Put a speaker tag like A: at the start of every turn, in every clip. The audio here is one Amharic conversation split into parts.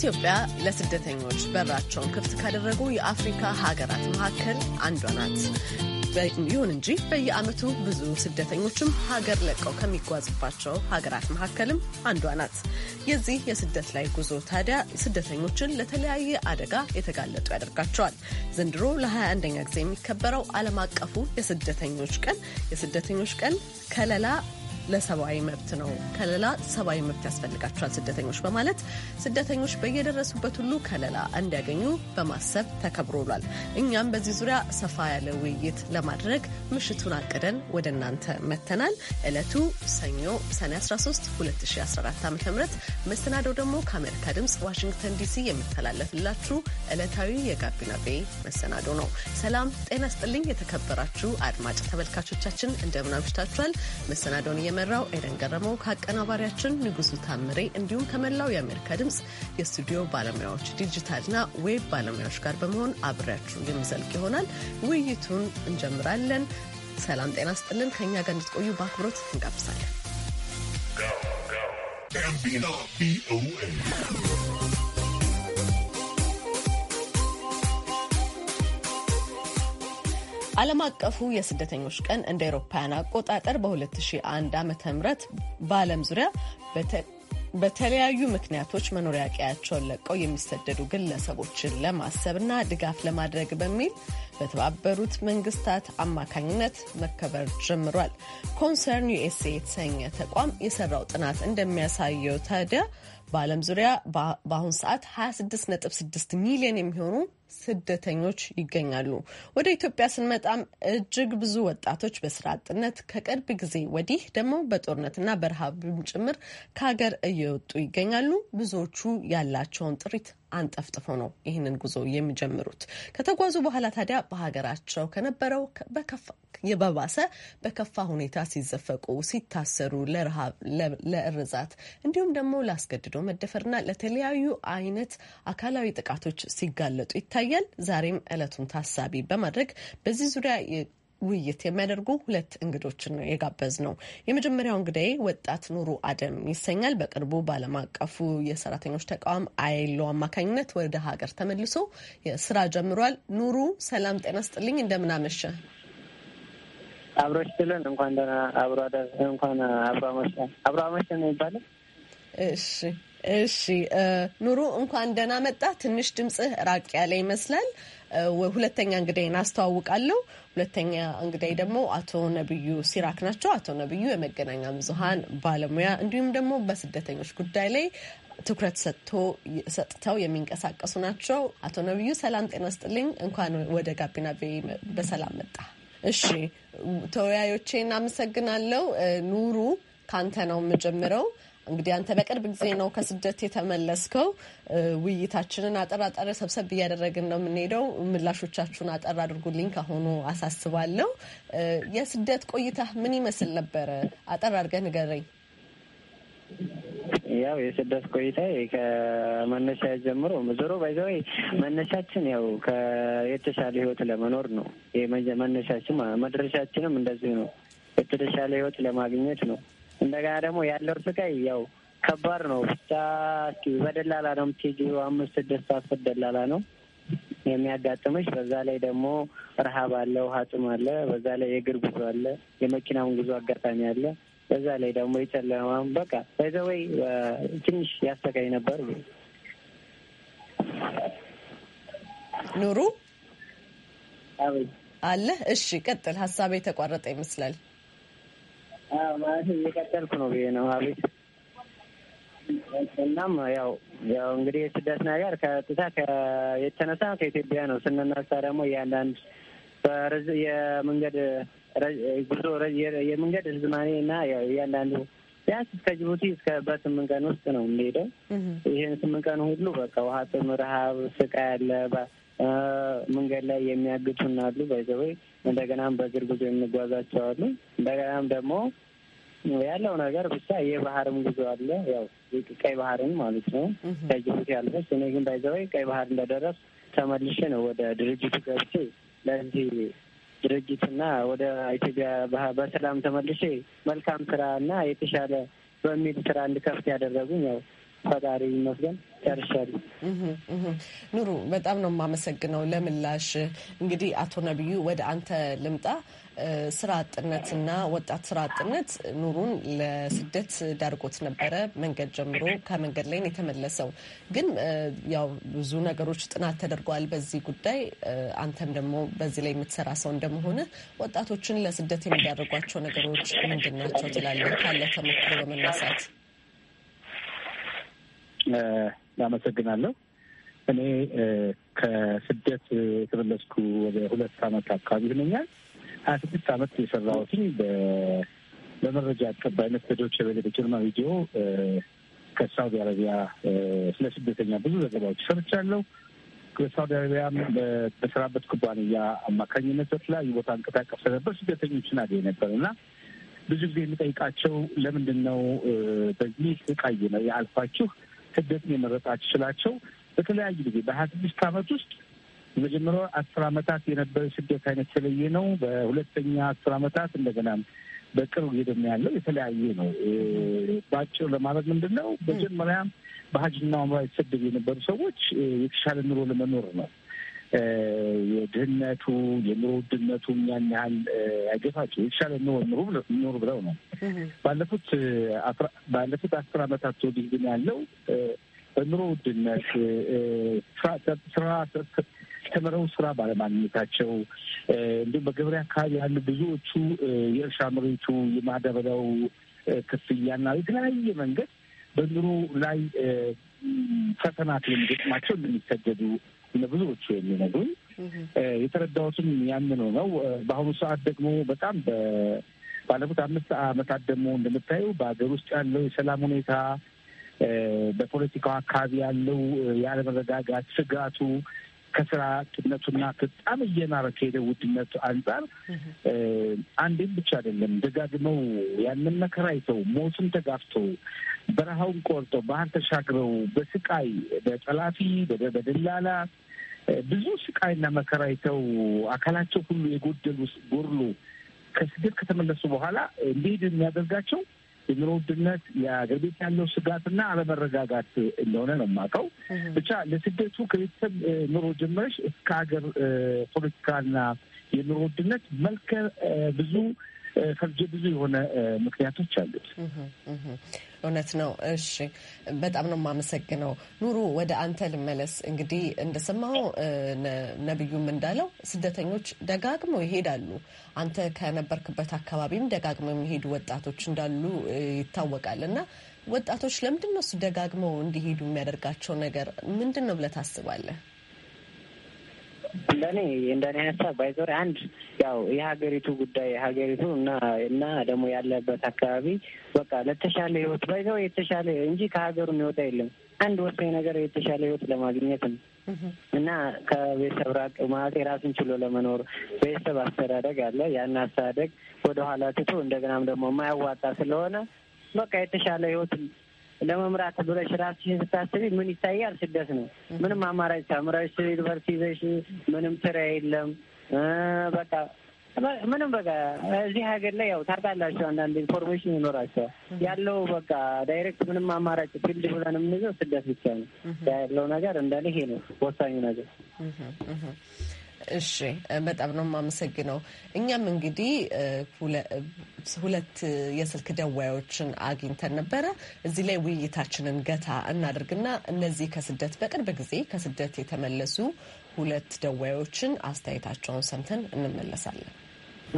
A: ኢትዮጵያ ለስደተኞች በራቸውን ክፍት ካደረጉ የአፍሪካ ሀገራት መካከል አንዷ ናት። ይሁን እንጂ በየዓመቱ ብዙ ስደተኞችም ሀገር ለቀው ከሚጓዙባቸው ሀገራት መካከልም አንዷ ናት። የዚህ የስደት ላይ ጉዞ ታዲያ ስደተኞችን ለተለያየ አደጋ የተጋለጡ ያደርጋቸዋል። ዘንድሮ ለ21ኛ ጊዜ የሚከበረው ዓለም አቀፉ የስደተኞች ቀን የስደተኞች ቀን ከለላ ለሰብአዊ መብት ነው ከለላ ሰብአዊ መብት ያስፈልጋቸዋል ስደተኞች በማለት ስደተኞች በየደረሱበት ሁሉ ከለላ እንዲያገኙ በማሰብ ተከብሮ ውሏል። እኛም በዚህ ዙሪያ ሰፋ ያለ ውይይት ለማድረግ ምሽቱን አቅደን ወደ እናንተ መተናል። ዕለቱ ሰኞ ሰኔ 13 2014 ዓ ም መሰናዶው ደግሞ ከአሜሪካ ድምፅ ዋሽንግተን ዲሲ የሚተላለፍላችሁ ዕለታዊ የጋቢና ቤ መሰናዶ ነው። ሰላም ጤና ስጥልኝ የተከበራችሁ አድማጭ ተመልካቾቻችን እንደምናምሽታችኋል መሰናዶን ከመራው ኤደን ገረመው ከአቀናባሪያችን ንጉሱ ታምሬ እንዲሁም ከመላው የአሜሪካ ድምፅ የስቱዲዮ ባለሙያዎች ዲጂታልና ዌብ ባለሙያዎች ጋር በመሆን አብሬያችሁ የሚዘልቅ ይሆናል። ውይይቱን እንጀምራለን። ሰላም ጤና ስጥልን። ከእኛ ጋር እንድትቆዩ በአክብሮት እንጋብዛለን። ዓለም አቀፉ የስደተኞች ቀን እንደ አውሮፓውያን አቆጣጠር በ2001 ዓ ም በዓለም ዙሪያ በተለያዩ ምክንያቶች መኖሪያ ቀያቸውን ለቀው የሚሰደዱ ግለሰቦችን ለማሰብና ድጋፍ ለማድረግ በሚል በተባበሩት መንግስታት አማካኝነት መከበር ጀምሯል። ኮንሰርን ዩኤስኤ የተሰኘ ተቋም የሰራው ጥናት እንደሚያሳየው ታዲያ በዓለም ዙሪያ በአሁን ሰዓት 26.6 ሚሊዮን የሚሆኑ ስደተኞች ይገኛሉ። ወደ ኢትዮጵያ ስንመጣም እጅግ ብዙ ወጣቶች በስራ አጥነት ከቅርብ ጊዜ ወዲህ ደግሞ በጦርነትና በረሃብም ጭምር ከሀገር እየወጡ ይገኛሉ። ብዙዎቹ ያላቸውን ጥሪት አንጠፍጥፎ ነው ይህንን ጉዞ የሚጀምሩት። ከተጓዙ በኋላ ታዲያ በሀገራቸው ከነበረው የበባሰ በከፋ ሁኔታ ሲዘፈቁ፣ ሲታሰሩ፣ ለረሃብ፣ ለእርዛት እንዲሁም ደግሞ ላስገድዶ መደፈርና ለተለያዩ አይነት አካላዊ ጥቃቶች ሲጋለጡ ይታያል። ዛሬም እለቱን ታሳቢ በማድረግ በዚህ ዙሪያ ውይይት የሚያደርጉ ሁለት እንግዶችን ነው የጋበዝ ነው። የመጀመሪያው እንግዲ ወጣት ኑሩ አደም ይሰኛል። በቅርቡ በዓለም አቀፉ የሰራተኞች ተቃዋም አይሎ አማካኝነት ወደ ሀገር ተመልሶ ስራ ጀምሯል። ኑሩ ሰላም ጤና ስጥልኝ፣ እንደምናመሸ
B: አብሮ ስትልን እንኳን ደህና አብሮ እንኳን አብሮ አመሸ አብሮ አመሸ ነው ይባላል።
A: እሺ እሺ፣ ኑሩ እንኳን ደህና መጣ። ትንሽ ድምፅህ ራቅ ያለ ይመስላል። ሁለተኛ እንግዳይን አስተዋውቃለሁ። ሁለተኛ እንግዳይ ደግሞ አቶ ነብዩ ሲራክ ናቸው። አቶ ነብዩ የመገናኛ ብዙኃን ባለሙያ እንዲሁም ደግሞ በስደተኞች ጉዳይ ላይ ትኩረት ሰጥቶ ሰጥተው የሚንቀሳቀሱ ናቸው። አቶ ነብዩ ሰላም ጤና ስጥልኝ። እንኳን ወደ ጋቢና በሰላም መጣ። እሺ ተወያዮቼ እናመሰግናለሁ። ኑሩ ካንተ ነው የምጀምረው። እንግዲህ አንተ በቅርብ ጊዜ ነው ከስደት የተመለስከው። ውይይታችንን አጠር አጠር ሰብሰብ እያደረግን ነው የምንሄደው። ምላሾቻችሁን አጠር አድርጉልኝ ከሆኑ አሳስባለሁ። የስደት ቆይታ ምን ይመስል ነበረ? አጠር አድርገህ ንገረኝ።
B: ያው የስደት ቆይታ ከመነሻ ጀምሮ ዞሮ ባይዘወይ መነሻችን ያው የተሻለ ህይወት ለመኖር ነው። መነሻችን መድረሻችንም እንደዚሁ ነው። የተሻለ ህይወት ለማግኘት ነው እንደገና ደግሞ ያለው ስቃይ ያው ከባድ ነው። ብቻ እስኪ በደላላ ነው የምትሄጂው። አምስት ስድስት አስር ደላላ ነው የሚያጋጥምሽ። በዛ ላይ ደግሞ ረሀብ አለ፣ ውሃ ጥም አለ፣ በዛ ላይ የእግር ጉዞ አለ፣ የመኪናም ጉዞ አጋጣሚ አለ። በዛ ላይ ደግሞ የጨለማም በቃ በዘወይ ትንሽ ያሰቃይ ነበር
A: ኑሩ አለ። እሺ ቀጥል፣ ሀሳቤ የተቋረጠ ይመስላል።
B: ማለት እየቀጠልኩ ነው ብዬ ነው አቤት። እናም ያው ያው እንግዲህ የስደት ነገር ከጥታ የተነሳ ከኢትዮጵያ ነው ስንነሳ ደግሞ እያንዳንድ የመንገድ ጉዞ የመንገድ ርዝማኔ እና እያንዳንዱ ቢያንስ እስከ ጅቡቲ እስከ በስምንት ቀን ውስጥ ነው የሚሄደው። ይህን ስምንት ቀን ሁሉ በቃ ውሃ ጥም፣ ረሀብ፣ ስቃይ አለ መንገድ ላይ የሚያግቱን አሉ። ባይዘወይ እንደገናም በእግር ጉዞ የሚጓዛቸው አሉ። እንደገናም ደግሞ ያለው ነገር ብቻ የባህርም ጉዞ አለ። ያው ቀይ ባህርን ማለት ነው ከጅቡቲ ያለች እኔ ግን ባይዘወይ ቀይ ባህር እንደደረስ ተመልሼ ነው ወደ ድርጅቱ ገብቼ ለዚህ ድርጅትና ወደ ኢትዮጵያ በሰላም ተመልሼ መልካም ስራ እና የተሻለ በሚል ስራ እንድከፍት ያደረጉኝ ያው ፈጣሪ ይመስገን
A: ጨርሻለሁ። ኑሩ በጣም ነው የማመሰግነው ለምላሽ። እንግዲህ አቶ ነቢዩ ወደ አንተ ልምጣ። ስራ አጥነትና ወጣት ስራ አጥነት ኑሩን ለስደት ዳርጎት ነበረ። መንገድ ጀምሮ ከመንገድ ላይ የተመለሰው ግን ያው ብዙ ነገሮች ጥናት ተደርገዋል በዚህ ጉዳይ። አንተም ደግሞ በዚህ ላይ የምትሰራ ሰው እንደመሆነ ወጣቶችን ለስደት የሚዳርጓቸው ነገሮች ምንድን ናቸው ትላለህ? ካለ ተሞክሮ በመነሳት
C: ያመሰግናለሁ። እኔ ከስደት የተመለስኩ ወደ ሁለት አመት አካባቢ ይሆነኛል። ሀያ ስድስት አመት የሰራሁት በመረጃ አቀባይነት በዶች በሌለ ጀርማ ቪዲዮ ከሳውዲ አረቢያ ስለ ስደተኛ ብዙ ዘገባዎች ሰርቻለሁ። በሳውዲ አረቢያ በሰራበት ኩባንያ አማካኝነት በተለያዩ ቦታ እንቀሳቀስ ስለነበር ስደተኞችን አገኝ ነበር እና ብዙ ጊዜ የሚጠይቃቸው ለምንድን ነው በዚህ ስቃይ ነው የአልፋችሁ ስደትን የመረጣችላቸው በተለያዩ ጊዜ በሀያ ስድስት አመት ውስጥ የመጀመሪያው አስር አመታት የነበረ ስደት አይነት የተለየ ነው። በሁለተኛ አስር አመታት እንደገና በቅርብ ሄደም ያለው የተለያየ ነው። በአጭሩ ለማለት ምንድን ነው፣ መጀመሪያ በሀጅና ዑምራ የተሰደዱ የነበሩ ሰዎች የተሻለ ኑሮ ለመኖር ነው የድህነቱ የኑሮ ውድነቱ ያን ያህል አይገፋቸው የተሻለ ኑሩ ብለው ነው። ባለፉት ባለፉት አስር አመታት ወዲህ ግን ያለው በኑሮ ውድነት ስራ ተምረው ስራ ባለማግኘታቸው እንዲሁም በገበሬ አካባቢ ያሉ ብዙዎቹ የእርሻ መሬቱ የማዳበሪያው ክፍያና የተለያየ መንገድ በኑሮ ላይ ፈተና ስለሚገጥማቸው እንደሚሰደዱ ብዙዎቹ የሚነግሩኝ የተረዳሁትም ያንኑ ነው። በአሁኑ ሰዓት ደግሞ በጣም ባለፉት አምስት ዓመታት ደግሞ እንደምታየው በሀገር ውስጥ ያለው የሰላም ሁኔታ በፖለቲካው አካባቢ ያለው የአለመረጋጋት ስጋቱ ከስራ አጥነቱና በጣም እየናረ ከሄደ ውድነቱ አንጻር አንዴም ብቻ አይደለም ደጋግመው ያንን መከራ አይተው ሞትን ተጋፍተው በረሃውን ቆርጠው ባህር ተሻግረው በስቃይ በጠላፊ በደላላ ብዙ ስቃይና መከራ አይተው አካላቸው ሁሉ የጎደሉ ጎርሎ ከስደት ከተመለሱ በኋላ እንዲሄድ የሚያደርጋቸው የኑሮ ውድነት፣ የአገር ቤት ያለው ስጋትና አለመረጋጋት እንደሆነ ነው የማውቀው። ብቻ ለስደቱ ከቤተሰብ ኑሮ ጀመረች እስከ ሀገር ፖለቲካና የኑሮ ውድነት መልከ ብዙ ፈርጀ ብዙ የሆነ ምክንያቶች አሉት።
A: እውነት ነው። እሺ፣ በጣም ነው የማመሰግነው። ኑሩ፣ ወደ አንተ ልመለስ። እንግዲህ እንደሰማው ነቢዩም እንዳለው ስደተኞች ደጋግመው ይሄዳሉ። አንተ ከነበርክበት አካባቢም ደጋግመው የሚሄዱ ወጣቶች እንዳሉ ይታወቃል። እና ወጣቶች ለምንድን ነው ደጋግመው እንዲሄዱ የሚያደርጋቸው ነገር ምንድን ነው ብለህ ታስባለህ?
B: እንደኔ እንደኔ ሀሳብ ባይዞር አንድ ያው የሀገሪቱ ጉዳይ የሀገሪቱ እና እና ደግሞ ያለበት አካባቢ በቃ ለተሻለ ህይወት ባይዘው የተሻለ እንጂ ከሀገሩ የሚወጣ የለም። አንድ ወሳኝ ነገር የተሻለ ህይወት ለማግኘት ነው እና ከቤተሰብ ራቅ ማለት የራሱን ችሎ ለመኖር ቤተሰብ አስተዳደግ አለ። ያን አስተዳደግ ወደኋላ ትቶ እንደገናም ደግሞ የማያዋጣ ስለሆነ በቃ የተሻለ ህይወት ለመምራት ብለሽ ራስሽን ስታስቢ ምን ይታያል? ስደት ነው። ምንም አማራጭ ተምረሽ ዩኒቨርሲቲ ይዘሽ ምንም ስራ የለም። በቃ ምንም በቃ እዚህ ሀገር ላይ ያው ታርቃላቸው አንዳንድ ኢንፎርሜሽን ይኖራቸዋል ያለው በቃ ዳይሬክት ምንም አማራጭ ፊልድ ብለን የምንይዘው ስደት ብቻ ነው ያለው ነገር እንዳለ ይሄ ነው ወሳኙ ነገር
A: እሺ፣ በጣም ነው የማመሰግነው። እኛም እንግዲህ ሁለት የስልክ ደዋዮችን አግኝተን ነበረ። እዚህ ላይ ውይይታችንን ገታ እናድርግና እነዚህ ከስደት በቅርብ ጊዜ ከስደት የተመለሱ ሁለት ደዋዮችን አስተያየታቸውን ሰምተን እንመለሳለን።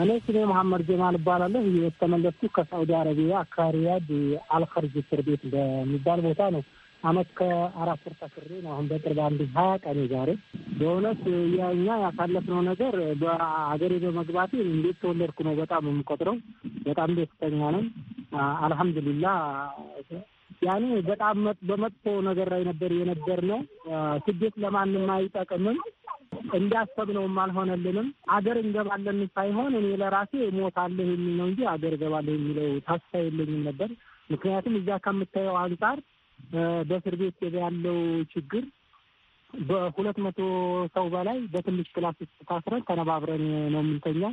C: እኔ ስሜ መሐመድ ጀማል እባላለሁ። የተመለስኩ ከሳውዲ አረቢያ ከሪያድ አልከርጅ እስር ቤት በሚባል ቦታ ነው። አመት ከአራት ወር ታስሬ ነው። አሁን በቅርብ አንድ ሀያ ቀን ዛሬ በእውነት እኛ ያሳለፍነው ነገር በአገሬ በመግባቴ እንዴት ተወለድኩ ነው በጣም የምቆጥረው። በጣም ደስተኛ ነኝ። አልሐምዱሊላ ያኔ በጣም በመጥፎ ነገር ላይ ነበር የነበር ነው። ስደት ለማንም አይጠቅምም። እንዳሰብነውም አልሆነልንም። አገር እንገባለን ሳይሆን እኔ ለራሴ እሞታለሁ የሚል ነው እንጂ አገር እገባለሁ የሚለው ተስፋ የለኝም ነበር። ምክንያቱም እዛ ከምታየው አንጻር በእስር ቤት ያለው ችግር በሁለት መቶ ሰው በላይ በትንሽ ክላስ ውስጥ ታስረን ተነባብረን ነው የምንተኛው።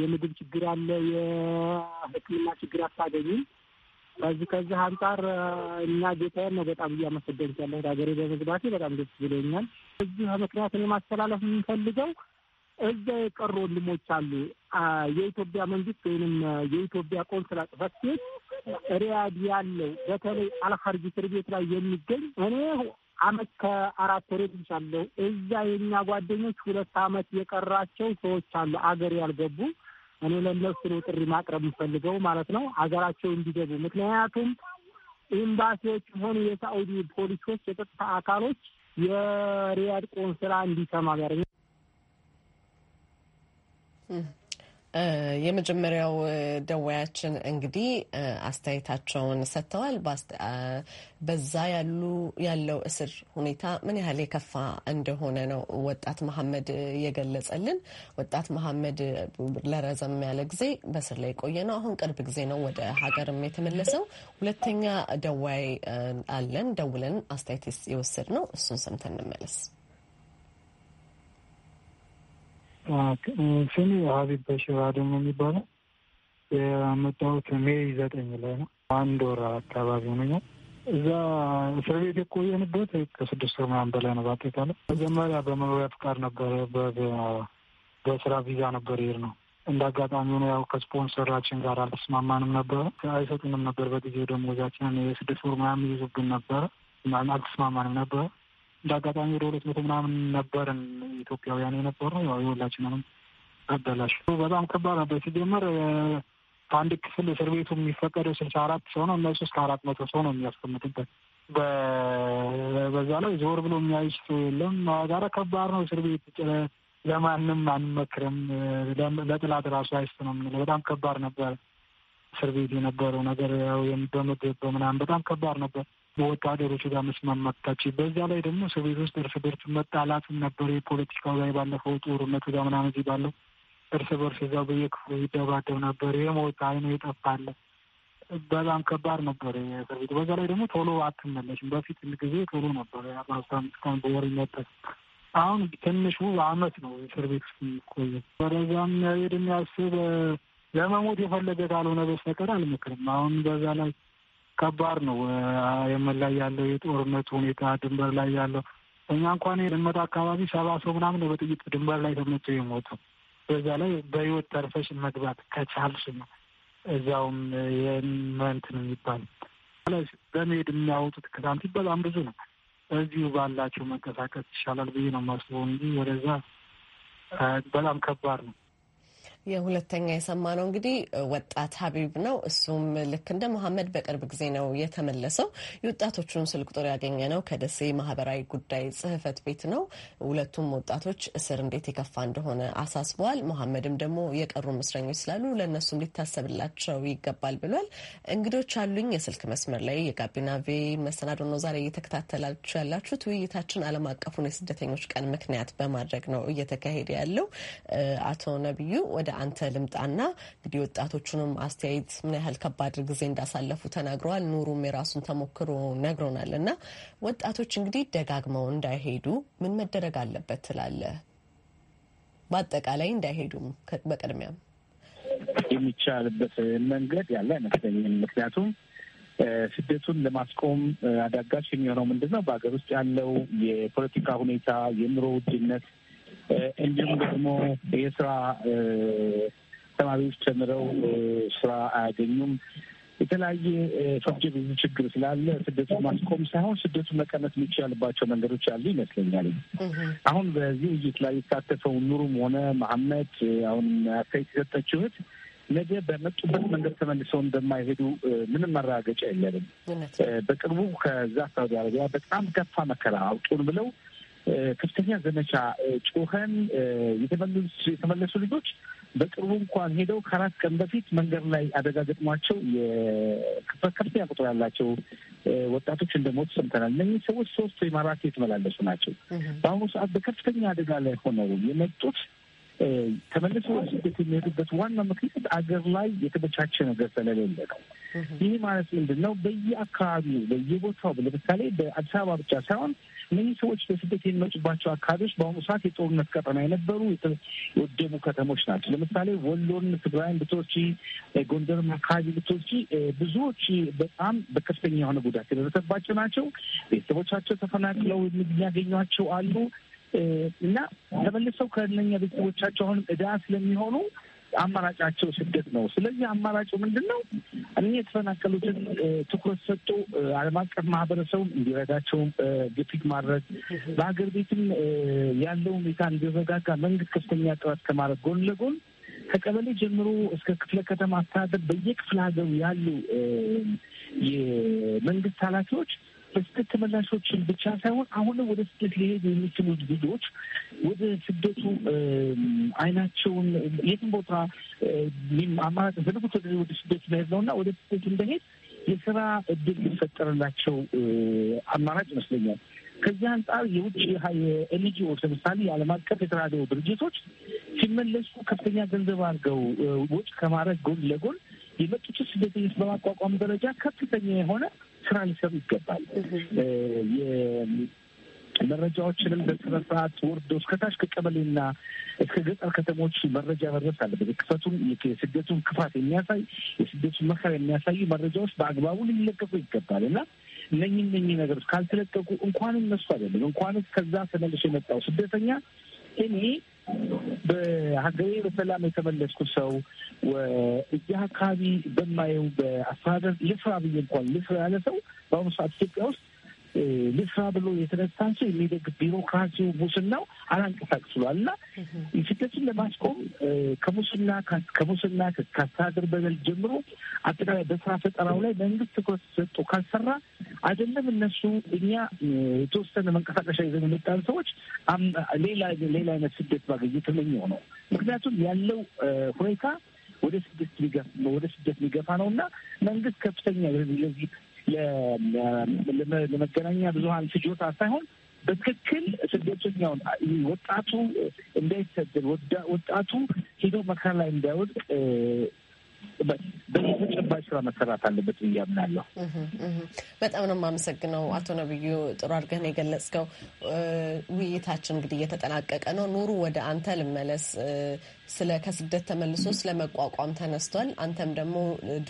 C: የምግብ ችግር አለ፣ የሕክምና ችግር አታገኝም። ከዚህ ከዚህ አንጻር እኛ ጌታዬን ነው በጣም እያመሰገንኩ ያለሁት። ሀገሬ በመግባቴ በጣም ደስ ብሎኛል። እዚህ ምክንያት እኔ ማስተላለፍ የምንፈልገው እዛ የቀሩ ወንድሞች አሉ። የኢትዮጵያ መንግስት ወይንም የኢትዮጵያ ቆንስላ ጽሕፈት ቤት ሪያድ ያለው በተለይ አልሀርጅ እስር ቤት ላይ የሚገኝ እኔ አመት ከአራት ወር ይሻለው እዛ የእኛ ጓደኞች ሁለት አመት የቀራቸው ሰዎች አሉ፣ አገር ያልገቡ። እኔ ለእነሱ ነው ጥሪ ማቅረብ የምፈልገው ማለት ነው፣ አገራቸው እንዲገቡ። ምክንያቱም ኤምባሲዎች ሆኑ የሳኡዲ ፖሊሶች፣ የጸጥታ አካሎች
A: የሪያድ ቆንስላ እንዲሰማ ያደርገ የመጀመሪያው ደዋያችን እንግዲህ አስተያየታቸውን ሰጥተዋል። በዛ ያሉ ያለው እስር ሁኔታ ምን ያህል የከፋ እንደሆነ ነው ወጣት መሐመድ የገለጸልን። ወጣት መሐመድ ለረዘም ያለ ጊዜ በእስር ላይ የቆየ ነው። አሁን ቅርብ ጊዜ ነው ወደ ሀገርም የተመለሰው። ሁለተኛ ደዋይ አለን፣ ደውለን አስተያየት የወሰድ ነው። እሱን ሰምተን እንመለስ።
C: ስሜ ሀቢብ በሽር አደም ነው የሚባለው። የመጣሁት ሜይ ዘጠኝ ላይ ነው። አንድ ወር አካባቢ ሆኖኛል። እዛ እስር ቤት የቆየንበት ከስድስት ወር ምናምን በላይ ነው። በአጠቃላይ መጀመሪያ በመኖሪያ ፍቃድ ነበረ፣ በስራ ቪዛ ነበር ይሄድ ነው። እንደ አጋጣሚ ሆኖ ያው ከስፖንሰራችን ጋር አልተስማማንም ነበረ፣ አይሰጡንም ነበር። በጊዜው ደሞዛችንን የስድስት ወር ምናምን ይዙብን ነበረ፣ አልተስማማንም ነበረ እንደ አጋጣሚ ወደ ሁለት መቶ ምናምን ነበርን ኢትዮጵያውያን የነበር ነው። ያው የሁላችንንም አበላሽ። በጣም ከባድ ነበር። ሲጀመር በአንድ ክፍል እስር ቤቱ የሚፈቀደው ስልሳ አራት ሰው ነው። እነሱ እስከ አራት መቶ ሰው ነው የሚያስቀምጥበት። በዛ ላይ ዞር ብሎ የሚያይሽ ሰው የለም። ኧረ ከባድ ነው እስር ቤት። ለማንም አንመክርም። ለጥላት ራሱ አይስት ነው የምንለው። በጣም ከባድ ነበር እስር ቤት የነበረው ነገር ያው በምግብ በምናምን በጣም ከባድ ነበር። በወታደሮቹ ጋር መስማማት ታች በዚያ ላይ ደግሞ እስር ቤት ውስጥ እርስ በርስ መጣላትም ነበር። የፖለቲካው ላይ ባለፈው ጦርነቱ ጋር ምናምን እዚህ ባለው እርስ በርስ እዛ በየክፍሉ ይደባደብ ነበር። የሞት አይኑ ይጠፋል። በጣም ከባድ ነበር የእስር ቤቱ። በዛ ላይ ደግሞ ቶሎ አትመለሽም። በፊት ጊዜ ቶሎ ነበር አስራ አምስት ቀን በወር ይመጠስ አሁን ትንሹ አመት ነው እስር ቤት ውስጥ የሚቆየ ወደዛም የሚያስብ ለመሞት የፈለገ ካልሆነ በስተቀር አልመክርም። አሁን በዛ ላይ ከባድ ነው። የመን ላይ ያለው የጦርነት ሁኔታ ድንበር ላይ ያለው እኛ እንኳን የድመት አካባቢ ሰባ ሰው ምናምን ነው በጥይት ድንበር ላይ ተመቶ የሞቱ። በዛ ላይ በህይወት ተርፈሽ መግባት ከቻልሽ ነው እዚያውም የመንት ነው የሚባል በመሄድ የሚያወጡት ከሳንቲም በጣም ብዙ ነው። እዚሁ ባላቸው መንቀሳቀስ ይሻላል ብዬ ነው የማስበው እንጂ ወደዛ በጣም ከባድ ነው።
A: የሁለተኛ የሰማ ነው እንግዲህ ወጣት ሀቢብ ነው። እሱም ልክ እንደ መሀመድ በቅርብ ጊዜ ነው የተመለሰው። የወጣቶቹን ስልክ ቁጥር ያገኘ ነው ከደሴ ማህበራዊ ጉዳይ ጽህፈት ቤት ነው። ሁለቱም ወጣቶች እስር እንዴት የከፋ እንደሆነ አሳስበዋል። መሀመድም ደግሞ የቀሩ እስረኞች ስላሉ ለእነሱም ሊታሰብላቸው ይገባል ብሏል። እንግዶች አሉኝ የስልክ መስመር ላይ የጋቢና ቬ መሰናዶ ነው ዛሬ እየተከታተላችሁ ያላችሁት። ውይይታችን አለም አቀፉን የስደተኞች ቀን ምክንያት በማድረግ ነው እየተካሄደ ያለው። አቶ ነብዩ ወደ ወደ አንተ ልምጣና እንግዲህ ወጣቶቹንም አስተያየት ምን ያህል ከባድ ጊዜ እንዳሳለፉ ተናግረዋል። ኑሩም የራሱን ተሞክሮ ነግሮናል። እና ወጣቶች እንግዲህ ደጋግመው እንዳይሄዱ ምን መደረግ አለበት ትላለህ? በአጠቃላይ እንዳይሄዱም በቅድሚያም
C: የሚቻልበት መንገድ ያለ አይመስለኝም። ምክንያቱም ስደቱን ለማስቆም አዳጋች የሚሆነው ምንድን ነው? በሀገር ውስጥ ያለው የፖለቲካ ሁኔታ፣ የኑሮ ውድነት እንዲሁም ደግሞ የስራ ተማሪዎች ተምረው ስራ አያገኙም። የተለያየ ፈርጀ ብዙ ችግር ስላለ ስደቱ ማስቆም ሳይሆን ስደቱ መቀነስ የሚቻልባቸው መንገዶች አሉ ይመስለኛል። አሁን በዚህ ውይይት ላይ የተሳተፈው ኑሩም ሆነ መሐመድ አሁን አስተያየት የሰጠችው ነገ በመጡበት መንገድ ተመልሰው እንደማይሄዱ ምንም መረጋገጫ የለንም። በቅርቡ ከዛ ሳውዲ አረቢያ በጣም ገፋ መከራ አውጡን ብለው ከፍተኛ ዘመቻ ጩኸን የተመለሱ ልጆች በቅርቡ እንኳን ሄደው ከአራት ቀን በፊት መንገድ ላይ አደጋ ገጥሟቸው ከፍተኛ ቁጥር ያላቸው ወጣቶች እንደሞት ሰምተናል። እነዚህ ሰዎች ሶስት ወይም አራት የተመላለሱ ናቸው። በአሁኑ ሰዓት በከፍተኛ አደጋ ላይ ሆነው የመጡት ተመልሶ ስደት የሚሄዱበት ዋና ምክንያት አገር ላይ የተመቻቸ ነገር ስለሌለ ነው። ይህ ማለት ምንድን ነው? በየአካባቢው በየቦታው ለምሳሌ በአዲስ አበባ ብቻ ሳይሆን እነዚህ ሰዎች በስደት የሚመጡባቸው አካባቢዎች በአሁኑ ሰዓት የጦርነት ቀጠና የነበሩ የወደቡ ከተሞች ናቸው። ለምሳሌ ወሎን፣ ትግራይን ብትወስጂ፣ ጎንደርም አካባቢ ብትወስጂ ብዙዎች በጣም በከፍተኛ የሆነ ጉዳት የደረሰባቸው ናቸው። ቤተሰቦቻቸው ተፈናቅለው የሚያገኟቸው አሉ እና ተመልሰው ከነኛ ቤተሰቦቻቸው አሁን እዳ ስለሚሆኑ አማራጫቸው ስደት ነው። ስለዚህ አማራጩ ምንድን ነው? እኔ የተፈናቀሉትን ትኩረት ሰጥቶ ዓለም አቀፍ ማህበረሰቡም እንዲረዳቸውም ግፊት ማድረግ በሀገር ቤትም ያለው ሁኔታ እንዲረጋጋ መንግስት ከፍተኛ ጥረት ከማድረግ ጎን ለጎን ከቀበሌ ጀምሮ እስከ ክፍለ ከተማ አስተዳደር በየክፍለ ሀገሩ ያሉ የመንግስት ኃላፊዎች በስደት ተመላሾችን ብቻ ሳይሆን አሁንም ወደ ስደት ሊሄዱ የሚችሉት ልጆች ወደ ስደቱ አይናቸውን የትም ቦታ አማራጭ ፈልጉት ወደ ስደት መሄድ ነው እና ወደ ስደት እንደሄድ የስራ እድል ሊፈጠርላቸው አማራጭ ይመስለኛል። ከዚህ አንጻር የውጭ የኤንጂኦ ለምሳሌ የዓለም አቀፍ የተራድኦ ድርጅቶች ሲመለሱ ከፍተኛ ገንዘብ አድርገው ወጪ ከማድረግ ጎን ለጎን የመጡት ስደተኞች በማቋቋም ደረጃ ከፍተኛ የሆነ ስራ ሊሰሩ ይገባል። መረጃዎችንም በስነስርዓት ወርዶ እስከታች ከቀበሌና እስከ ገጠር ከተሞች መረጃ መድረስ አለበት። ክፈቱን የስደቱን ክፋት የሚያሳይ የስደቱን መከራ የሚያሳዩ መረጃዎች በአግባቡ ሊለቀቁ ይገባል እና እነኝህ እነኝህ ነገሮች ካልተለቀቁ እንኳን እነሱ አይደለም እንኳን ከዛ ተመልሶ የመጣው ስደተኛ እኔ በሀገሬ በሰላም የተመለስኩ ሰው እዚህ አካባቢ በማየው በአስተዳደር ልስራ ብዬ እንኳን ልስራ ያለ ሰው በአሁኑ ሰዓት ኢትዮጵያ ውስጥ ልስራ ብሎ የተነሳን ሰው የሚደግፍ ቢሮክራሲው ሙስናው አላንቀሳቅስ ብሏል እና ስደትን ለማስቆም ከሙስና ከሙስና ከአስተዳደር በደል ጀምሮ አጠቃላይ በስራ ፈጠራው ላይ መንግስት ትኩረት ሰጥቶ ካልሰራ አይደለም እነሱ እኛ የተወሰነ መንቀሳቀሻ ይዘን የመጣን ሰዎች ሌላ ሌላ አይነት ስደት ባገኘ የተመኘው ነው። ምክንያቱም ያለው ሁኔታ ወደ ስደት ወደ ስደት የሚገፋ ነው እና መንግስት ከፍተኛ ለዚህ ለመገናኛ ብዙኃን ፍጆታ ሳይሆን በትክክል ስደተኛውን ወጣቱ እንዳይሰደድ ወጣቱ ሄዶ መከራ ላይ እንዳይወድቅ በተጨባጭ ስራ መሰራት አለበት ብዬ
D: አምናለሁ።
A: በጣም ነው የማመሰግነው አቶ ነብዩ፣ ጥሩ አድርገን የገለጽከው። ውይይታችን እንግዲህ እየተጠናቀቀ ነው። ኑሩ፣ ወደ አንተ ልመለስ። ስለ ከስደት ተመልሶ ስለ መቋቋም ተነስቷል። አንተም ደግሞ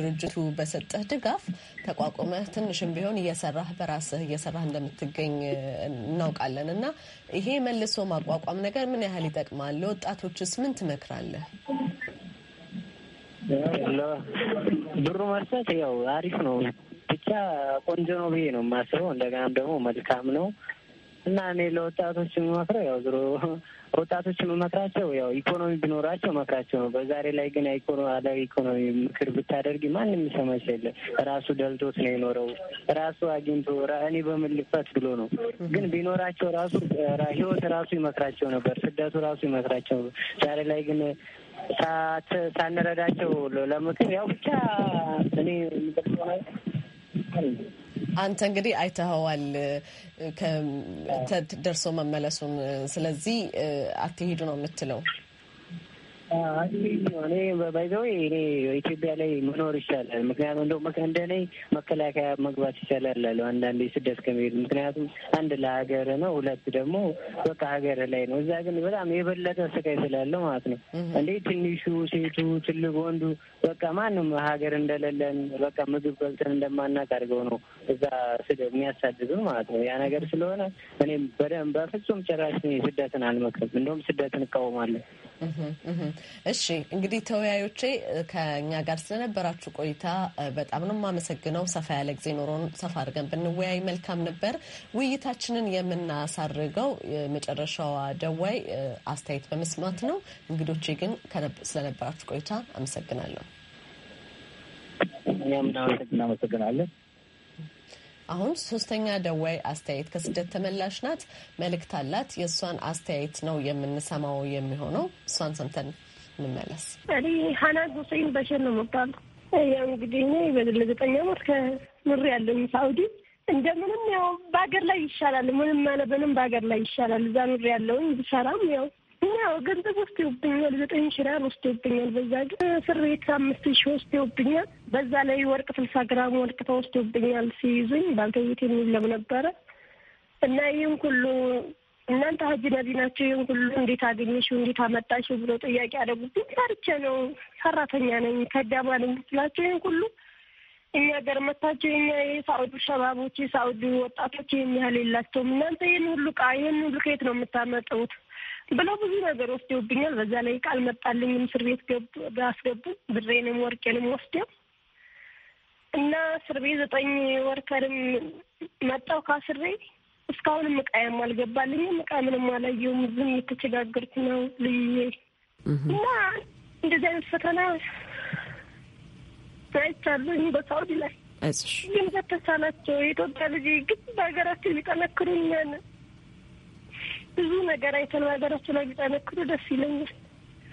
A: ድርጅቱ በሰጠህ ድጋፍ ተቋቁመህ ትንሽም ቢሆን እየሰራህ በራስህ እየሰራህ እንደምትገኝ እናውቃለን እና ይሄ መልሶ ማቋቋም ነገር ምን ያህል ይጠቅማል? ለወጣቶችስ ምን ትመክራለህ?
B: ብሩ መስጠት ያው አሪፍ ነው፣ ብቻ ቆንጆ ነው ብዬ ነው የማስበው። እንደገናም ደግሞ መልካም ነው እና እኔ ለወጣቶች የምመክረው ያው ዝሮ ወጣቶች የምመክራቸው ያው ኢኮኖሚ ቢኖራቸው መክራቸው ነው። በዛሬ ላይ ግን አለ ኢኮኖሚ ምክር ብታደርጊ ማንም የሚሰማሽ የለም። ራሱ ደልቶት ነው የኖረው ራሱ አግኝቶ እኔ በምልፈት ብሎ ነው። ግን ቢኖራቸው ራሱ ህይወት ራሱ ይመክራቸው ነበር፣ ስደቱ ራሱ ይመክራቸው ነበር። ዛሬ ላይ ግን ሳንረዳቸው ለምክር ያው ብቻ እኔ
A: አንተ እንግዲህ አይተኸዋል ደርሶ መመለሱን። ስለዚህ አትሄዱ ነው የምትለው?
B: እኔ ባይዘዌ እኔ ኢትዮጵያ ላይ መኖር ይቻላል። ምክንያቱም እንደው እንደ እኔ መከላከያ መግባት ይሻላል አሉ አንዳንዴ ስደት ከሚሄዱ። ምክንያቱም አንድ ለሀገር ነው፣ ሁለት ደግሞ በቃ ሀገር ላይ ነው። እዛ ግን በጣም የበለጠ ስቃይ ስላለው ማለት ነው። እንዴ ትንሹ፣ ሴቱ፣ ትልቅ፣ ወንዱ በቃ ማንም ሀገር እንደሌለን በቃ ምግብ በልተን እንደማናቅ አድርገው ነው እዛ ስደ የሚያሳድዱ ማለት ነው። ያ ነገር ስለሆነ እኔም በደንብ በፍጹም ጭራሽ ስደትን አልመክርም። እንደውም ስደትን እቃወማለን።
A: እሺ እንግዲህ ተወያዮቼ ከኛ ጋር ስለነበራችሁ ቆይታ በጣም ነው የማመሰግነው። ሰፋ ያለ ጊዜ ኖሮን ሰፋ አድርገን ብንወያይ መልካም ነበር። ውይይታችንን የምናሳርገው የመጨረሻዋ ደዋይ አስተያየት በመስማት ነው። እንግዶቼ ግን ስለነበራችሁ ቆይታ አመሰግናለሁ።
C: እናመሰግናለን።
A: አሁን ሶስተኛ ደዋይ አስተያየት ከስደት ተመላሽ ናት። መልእክት አላት። የእሷን አስተያየት ነው የምንሰማው የሚሆነው እሷን ሰምተን እንመለስ።
D: እኔ ሀናን ሁሴን በሸር ነው መባል ያው እንግዲህ እኔ ለዘጠኝ ዓመት ከምር ያለኝ ሳውዲ እንደምንም ያው በሀገር ላይ ይሻላል። ምንም አለ ምንም በሀገር ላይ ይሻላል። እዛ ኑር ያለውን ብሰራም ያው ያው ገንዘብ ወስደውብኛል። ዘጠኝ ሽራር ሪያል ወስደውብኛል። በዛ ግን እስር ቤት አምስት ሺህ ወስደውብኛል። በዛ ላይ ወርቅ ስልሳ ግራም ወርቅ ተወስደውብኛል። ሲይዙኝ ባልተቤት የሚለው ነበረ እና ይህም ሁሉ እናንተ ሀጅ ነቢ ናቸው ይህን ሁሉ እንዴት አገኘሽው እንዴት አመጣሽው ብሎ ጥያቄ አደጉብኝ። ታርቼ ነው ሰራተኛ ነኝ ከዳማ ነው የምትላቸው ይህን ሁሉ እኛ ገር መታቸው የኛ የሳዑዱ ሸባቦች የሳዑዱ ወጣቶች ይህን ያህል የላቸውም እናንተ ይህን ሁሉ ቃ ይህን ሁሉ ከየት ነው የምታመጡት ብለው ብዙ ነገር ወስደውብኛል። በዛ ላይ ቃል መጣልኝ እስር ቤት አስገቡ ብሬንም ወርቄንም ወስደው እና እስር ቤት ዘጠኝ ወርከርም መጣው ካስሬ እስካሁንም እቃዬም አልገባልኝም። እቃ ምንም አላየሁም። ዝም የተቸጋገርኩ ነው ልዩዬ እና እንደዚህ አይነት ፈተና አይቻለኝ በሳውዲ ላይ ግን በተሳናቸው የኢትዮጵያ ልጅ ግን በሀገራችን ሊጠነክሩኛን
A: ብዙ ነገር አይተን በሀገራችን ላይ
D: ሊጠነክሩ ደስ ይለኛል።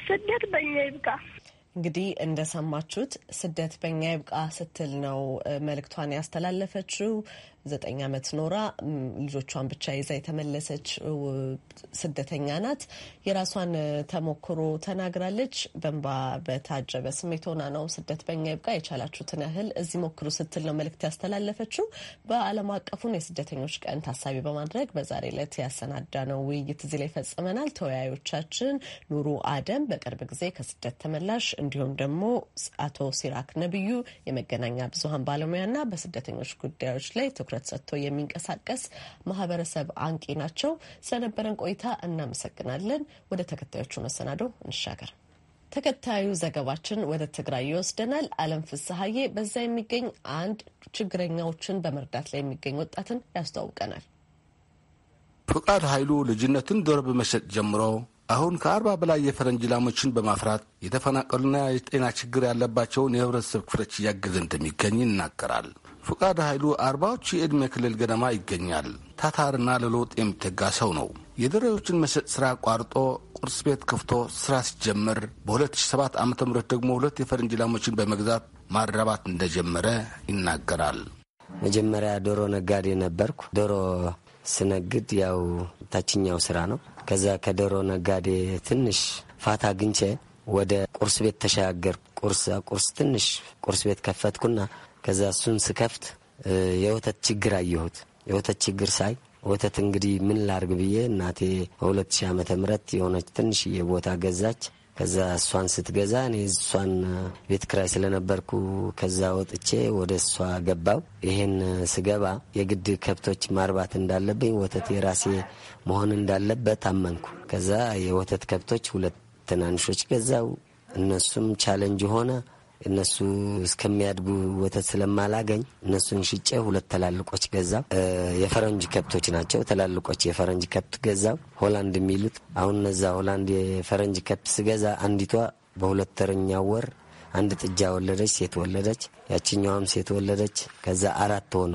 D: ስደት በኛ
A: ይብቃ። እንግዲህ እንደሰማችሁት ስደት በኛ ይብቃ ስትል ነው መልእክቷን ያስተላለፈችው። ዘጠኝ ዓመት ኖራ ልጆቿን ብቻ ይዛ የተመለሰች ስደተኛ ናት። የራሷን ተሞክሮ ተናግራለች። በንባ በታጀበ ስሜት ሆና ነው ስደት በኛ ይብቃ፣ የቻላችሁትን ያህል እዚህ ሞክሩ ስትል ነው መልእክት ያስተላለፈችው። በዓለም አቀፉን የስደተኞች ቀን ታሳቢ በማድረግ በዛሬ ዕለት ያሰናዳ ነው ውይይት እዚህ ላይ ፈጽመናል። ተወያዮቻችን ኑሩ አደም በቅርብ ጊዜ ከስደት ተመላሽ እንዲሁም ደግሞ አቶ ሲራክ ነብዩ የመገናኛ ብዙኃን ባለሙያና በስደተኞች ጉዳዮች ላይ ትኩረት ትኩረት ሰጥቶ የሚንቀሳቀስ ማህበረሰብ አንቂ ናቸው። ስለነበረን ቆይታ እናመሰግናለን። ወደ ተከታዮቹ መሰናዶ እንሻገር። ተከታዩ ዘገባችን ወደ ትግራይ ይወስደናል። አለም ፍስሀዬ በዛ የሚገኝ አንድ ችግረኛዎችን በመርዳት ላይ የሚገኝ ወጣትን ያስተዋውቀናል።
E: ፍቃድ ኃይሉ ልጅነትን ዶሮ በመሸጥ ጀምሮ አሁን ከአርባ በላይ የፈረንጅ ላሞችን በማፍራት የተፈናቀሉና የጤና ችግር ያለባቸውን የህብረተሰብ ክፍሎች እያገዘ እንደሚገኝ ይናገራል። ፍቃድ ኃይሉ አርባዎች የዕድሜ ክልል ገደማ ይገኛል። ታታርና ለለውጥ የሚተጋ ሰው ነው። የድሬዎችን መሸጥ ስራ አቋርጦ ቁርስ ቤት ከፍቶ ስራ ሲጀምር በ2007 ዓ ም ደግሞ ሁለት የፈረንጅ ላሞችን በመግዛት ማራባት እንደጀመረ ይናገራል።
F: መጀመሪያ ዶሮ ነጋዴ ነበርኩ። ዶሮ ስነግድ ያው ታችኛው ስራ ነው። ከዛ ከዶሮ ነጋዴ ትንሽ ፋታ አግኝቼ ወደ ቁርስ ቤት ተሻገርኩ። ቁርስ ቁርስ ትንሽ ቁርስ ቤት ከፈትኩና ከዛ እሱን ስከፍት የወተት ችግር አየሁት። የወተት ችግር ሳይ ወተት እንግዲህ ምን ላርግ ብዬ እናቴ በሁለት ሺህ ዓመተ ምህረት የሆነች ትንሽዬ ቦታ ገዛች። ከዛ እሷን ስትገዛ እኔ እሷን ቤት ክራይ ስለነበርኩ ከዛ ወጥቼ ወደ እሷ ገባው። ይህን ስገባ የግድ ከብቶች ማርባት እንዳለብኝ ወተት የራሴ መሆን እንዳለበት አመንኩ። ከዛ የወተት ከብቶች ሁለት ትናንሾች ገዛው። እነሱም ቻለንጅ ሆነ። እነሱ እስከሚያድጉ ወተት ስለማላገኝ እነሱን ሽጬ ሁለት ትላልቆች ገዛው። የፈረንጅ ከብቶች ናቸው። ትላልቆች የፈረንጅ ከብት ገዛው፣ ሆላንድ የሚሉት አሁን እነዛ ሆላንድ የፈረንጅ ከብት ስገዛ አንዲቷ በሁለተኛው ወር አንድ ጥጃ ወለደች፣ ሴት ወለደች። ያችኛዋም ሴት ወለደች። ከዛ አራት ሆኑ።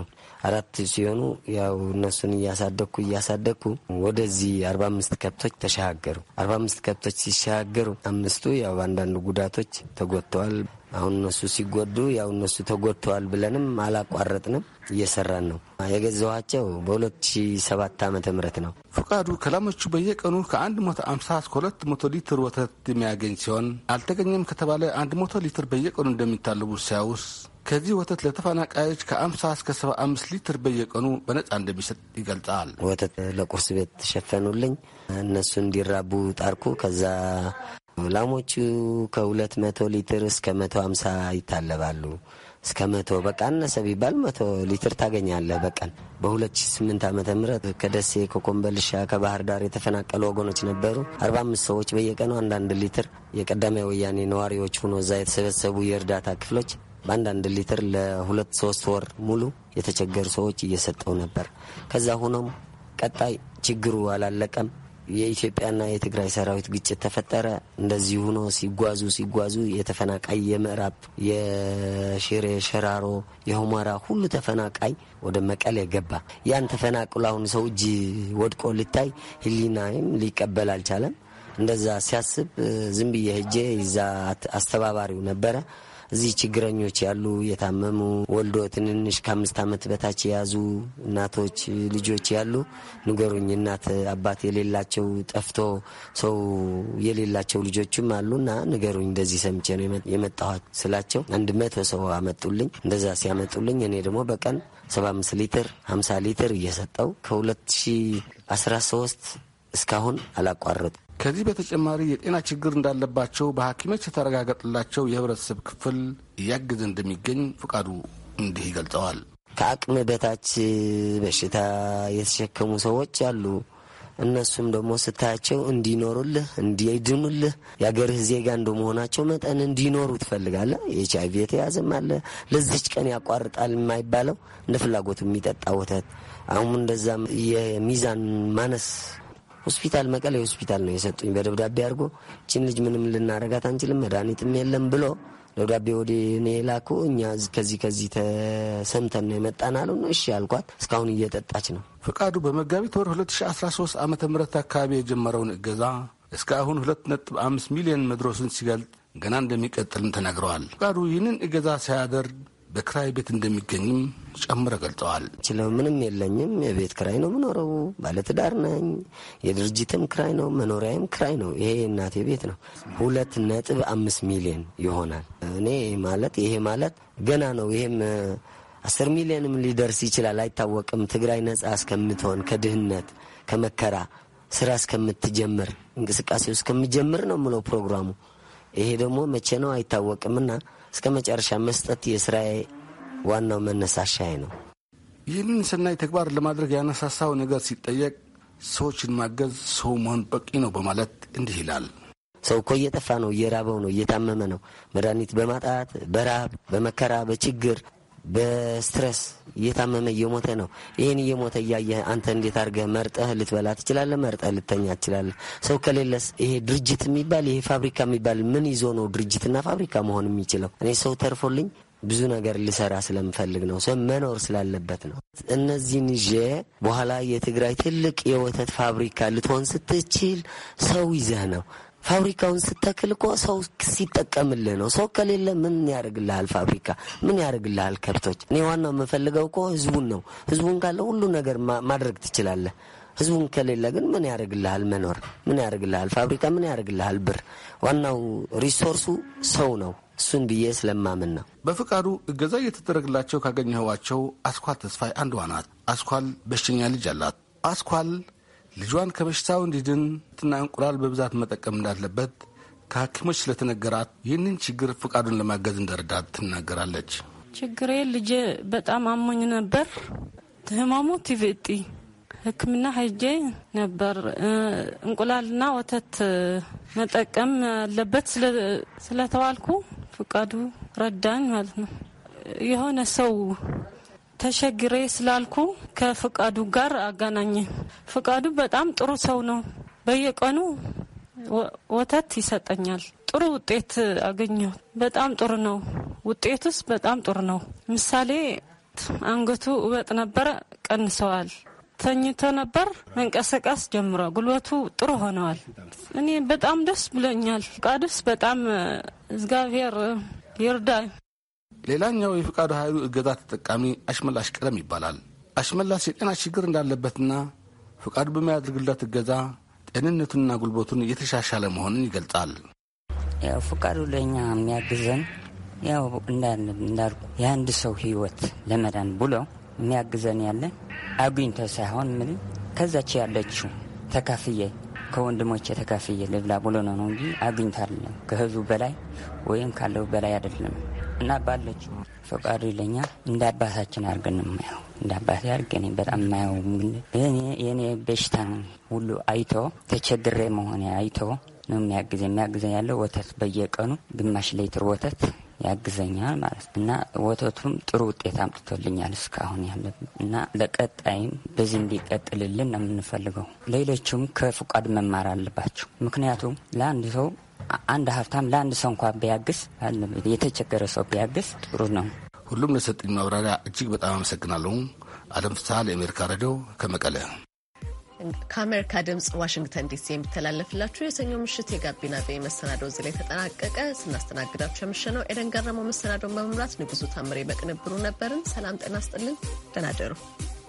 F: አራት ሲሆኑ ያው እነሱን እያሳደግኩ እያሳደግኩ ወደዚህ አርባ አምስት ከብቶች ተሻገሩ አርባ አምስት ከብቶች ሲሻገሩ አምስቱ ያው በአንዳንድ ጉዳቶች ተጎድተዋል። አሁን እነሱ ሲጎዱ ያው እነሱ ተጎድተዋል ብለንም አላቋረጥንም፣ እየሰራን ነው። የገዛኋቸው በ2007 ዓ ም ነው።
E: ፈቃዱ ከላሞቹ በየቀኑ ከ150 እስከ 200 ሊትር ወተት የሚያገኝ ሲሆን አልተገኘም ከተባለ 100 ሊትር በየቀኑ እንደሚታለቡ ሲያውስ ከዚህ ወተት ለተፈናቃዮች ከ50 እስከ 75 ሊትር በየቀኑ በነፃ እንደሚሰጥ ይገልጻል።
F: ወተት ለቁርስ ቤት ተሸፈኑልኝ እነሱ እንዲራቡ ጣርኩ። ከዛ ላሞቹ ከሁለት መቶ ሊትር እስከ መቶ ሀምሳ ይታለባሉ። እስከ መቶ በቃ አነሰ ቢባል መቶ ሊትር ታገኛለህ በቀን። በ2008 ዓመተ ምህረት ከደሴ ከኮምበልሻ ከባህር ዳር የተፈናቀሉ ወገኖች ነበሩ። 45 ሰዎች በየቀኑ አንዳንድ ሊትር የቀዳማዊ ወያኔ ነዋሪዎች ሆኖ እዛ የተሰበሰቡ የእርዳታ ክፍሎች በአንዳንድ ሊትር ለሁለት ሶስት ወር ሙሉ የተቸገሩ ሰዎች እየሰጠው ነበር። ከዛ ሆኖም ቀጣይ ችግሩ አላለቀም። የኢትዮጵያና የትግራይ ሰራዊት ግጭት ተፈጠረ። እንደዚህ ሆኖ ሲጓዙ ሲጓዙ የተፈናቃይ የምዕራብ የሽሬ ሸራሮ፣ የሁመራ ሁሉ ተፈናቃይ ወደ መቀሌ ገባ። ያን ተፈናቅሎ አሁን ሰው እጅ ወድቆ ልታይ ህሊናይም ሊቀበል አልቻለም። እንደዛ ሲያስብ ዝም ብዬ ሄጄ ይዛ አስተባባሪው ነበረ እዚህ ችግረኞች ያሉ የታመሙ ወልዶ ትንንሽ ከአምስት ዓመት በታች የያዙ እናቶች ልጆች ያሉ ንገሩኝ። እናት አባት የሌላቸው ጠፍቶ ሰው የሌላቸው ልጆችም አሉና ንገሩኝ። እንደዚህ ሰምቼ ነው የመጣኋት ስላቸው አንድ መቶ ሰው አመጡልኝ። እንደዛ ሲያመጡልኝ እኔ ደግሞ በቀን 75 ሊትር 50 ሊትር እየሰጠው ከ2013 እስካሁን አላቋረጡ ከዚህ በተጨማሪ የጤና ችግር እንዳለባቸው በሐኪሞች
E: የተረጋገጠላቸው የህብረተሰብ ክፍል እያገዘ እንደሚገኝ ፍቃዱ እንዲህ ይገልጸዋል።
F: ከአቅም በታች በሽታ የተሸከሙ ሰዎች አሉ። እነሱም ደግሞ ስታያቸው እንዲኖሩልህ እንዲድኑልህ የአገርህ ዜጋ እንደመሆናቸው መጠን እንዲኖሩ ትፈልጋለህ። የኤች አይቪ የተያዘም አለ። ለዚች ቀን ያቋርጣል የማይባለው እንደ ፍላጎት የሚጠጣ ወተት አሁን እንደዛ የሚዛን ማነስ ሆስፒታል መቀሌ ሆስፒታል ነው የሰጡኝ በደብዳቤ አድርጎ ችን ልጅ ምንም ልናረጋት አንችልም፣ መድኃኒትም የለም ብሎ ደብዳቤ ወደ እኔ ላኩ። እኛ ከዚህ ከዚህ ተሰምተን ነው የመጣን አሉ። እሺ አልኳት። እስካሁን እየጠጣች ነው።
E: ፍቃዱ በመጋቢት ወር 2013 ዓ ም አካባቢ የጀመረውን እገዛ እስከ አሁን 2.5 ሚሊዮን መድረሱን ሲገልጽ ገና እንደሚቀጥልም ተናግረዋል። ፍቃዱ ይህንን እገዛ ሳያደርግ በክራይ ቤት እንደሚገኝም
F: ጨምረ ገልጸዋል። ችለው ምንም የለኝም፣ የቤት ክራይ ነው ምኖረው፣ ባለትዳር ነኝ፣ የድርጅትም ክራይ ነው፣ መኖሪያም ክራይ ነው። ይሄ እናቴ ቤት ነው። ሁለት ነጥብ አምስት ሚሊዮን ይሆናል። እኔ ማለት ይሄ ማለት ገና ነው። ይሄም አስር ሚሊዮንም ሊደርስ ይችላል፣ አይታወቅም። ትግራይ ነጻ እስከምትሆን ከድህነት ከመከራ ስራ እስከምትጀምር እንቅስቃሴው እስከሚጀምር ነው ምለው ፕሮግራሙ። ይሄ ደግሞ መቼ ነው አይታወቅምና እስከ መጨረሻ መስጠት የስራዬ ዋናው መነሳሻዬ ነው። ይህንን ሰናይ
E: ተግባር ለማድረግ ያነሳሳው ነገር ሲጠየቅ ሰዎችን
F: ማገዝ ሰው መሆን በቂ ነው በማለት እንዲህ ይላል። ሰው እኮ እየጠፋ ነው፣ እየራበው ነው፣ እየታመመ ነው። መድኃኒት በማጣት በረሃብ በመከራ በችግር በስትረስ እየታመመ እየሞተ ነው። ይህን እየሞተ እያየ አንተ እንዴት አድርገህ መርጠህ ልትበላ ትችላለህ? መርጠህ ልተኛ ትችላለህ? ሰው ከሌለስ ይሄ ድርጅት የሚባል ይሄ ፋብሪካ የሚባል ምን ይዞ ነው ድርጅትና ፋብሪካ መሆን የሚችለው? እኔ ሰው ተርፎልኝ ብዙ ነገር ልሰራ ስለምፈልግ ነው። ሰው መኖር ስላለበት ነው። እነዚህን ይዤ በኋላ የትግራይ ትልቅ የወተት ፋብሪካ ልትሆን ስትችል ሰው ይዘህ ነው ፋብሪካውን ስተክል እኮ ሰው ሲጠቀምልህ ነው። ሰው ከሌለ ምን ያደርግልሃል? ፋብሪካ ምን ያደርግልሃል? ከብቶች። እኔ ዋናው የምፈልገው እኮ ህዝቡን ነው። ህዝቡን ካለ ሁሉ ነገር ማድረግ ትችላለህ። ህዝቡን ከሌለ ግን ምን ያደርግልሃል? መኖር ምን ያደርግልሃል? ፋብሪካ ምን ያደርግልሃል? ብር። ዋናው ሪሶርሱ ሰው ነው። እሱን ብዬ ስለማምን ነው። በፍቃዱ እገዛ እየተደረግላቸው
E: ካገኘኋቸው አስኳል ተስፋይ አንዷ ናት። አስኳል በሽተኛ ልጅ አላት። አስኳል ልጇን ከበሽታው እንዲድን ትና እንቁላል በብዛት መጠቀም እንዳለበት ከሐኪሞች ስለተነገራት ይህንን ችግር ፍቃዱን ለማገዝ እንደረዳት ትናገራለች።
G: ችግሬ ልጄ በጣም አሞኝ ነበር። ህመሙ ቲቪጢ ሕክምና ሄጄ ነበር። እንቁላልና ወተት መጠቀም አለበት ስለተባልኩ ፍቃዱ ረዳኝ ማለት ነው። የሆነ ሰው ተሸግሬ ስላልኩ ከፍቃዱ ጋር አገናኘ። ፍቃዱ በጣም ጥሩ ሰው ነው። በየቀኑ ወተት ይሰጠኛል። ጥሩ ውጤት አገኘሁ። በጣም ጥሩ ነው። ውጤቱስ በጣም ጥሩ ነው። ምሳሌ አንገቱ እበጥ ነበረ፣ ቀንሰዋል። ተኝቶ ነበር፣ መንቀሳቀስ ጀምሯል። ጉልበቱ ጥሩ ሆነዋል። እኔ በጣም ደስ ብሎኛል። ፍቃዱስ በጣም እግዚአብሔር ይርዳ።
E: ሌላኛው የፍቃዱ ኃይሉ እገዛ ተጠቃሚ አሽመላሽ ቀለም ይባላል። አሽመላሽ የጤና ችግር እንዳለበትና ፍቃዱ በሚያደርግለት
G: እገዛ ጤንነቱንና ጉልበቱን እየተሻሻለ መሆኑን ይገልጻል። ያው ፍቃዱ ለእኛ የሚያግዘን ያው እንዳልኩ የአንድ ሰው ህይወት ለመዳን ብሎ የሚያግዘን ያለ አግኝተ ሳይሆን ምን ከዛች ያለችው ተካፍዬ ከወንድሞቼ ተካፍዬ ልብላ ብሎ ነው እንጂ አግኝታለ ከህዝቡ በላይ ወይም ካለው በላይ አይደለም። እና ባለችው ፈቃዱ ይለኛ እንደ አባታችን አድርገን የማየው እንደ አባት አድርገን በጣም ማየው የእኔ በሽታ ሁሉ አይቶ ተቸግሬ መሆን አይቶ ነው የሚያግዘ የሚያግዘኝ ያለው ወተት በየቀኑ ግማሽ ሌትር ወተት ያግዘኛል ማለት ነው እና ወተቱም ጥሩ ውጤት አምጥቶልኛል እስካሁን ያለ እና ለቀጣይም በዚህ እንዲቀጥልልን ነው የምንፈልገው። ሌሎችም ከፍቃድ መማር አለባቸው። ምክንያቱም ለአንድ ሰው አንድ ሀብታም ለአንድ ሰው እንኳ ቢያግስ፣ የተቸገረ ሰው ቢያግስ ጥሩ ነው። ሁሉም ለሰጠኝ ማብራሪያ እጅግ
E: በጣም አመሰግናለሁ። አለም ፍስሀ ለአሜሪካ ሬዲዮ ከመቀለ።
A: ከአሜሪካ ድምፅ ዋሽንግተን ዲሲ የሚተላለፍላችሁ የሰኞ ምሽት የጋቢና ቤ መሰናዶ እዚህ ላይ ተጠናቀቀ። ስናስተናግዳችሁ የምሽነው ኤደን ገረመው መሰናዶን በመምራት ንጉሱ ታምሬ በቅንብሩ ነበርን። ሰላም ጤና ስጥልን። ደህና ደሩ።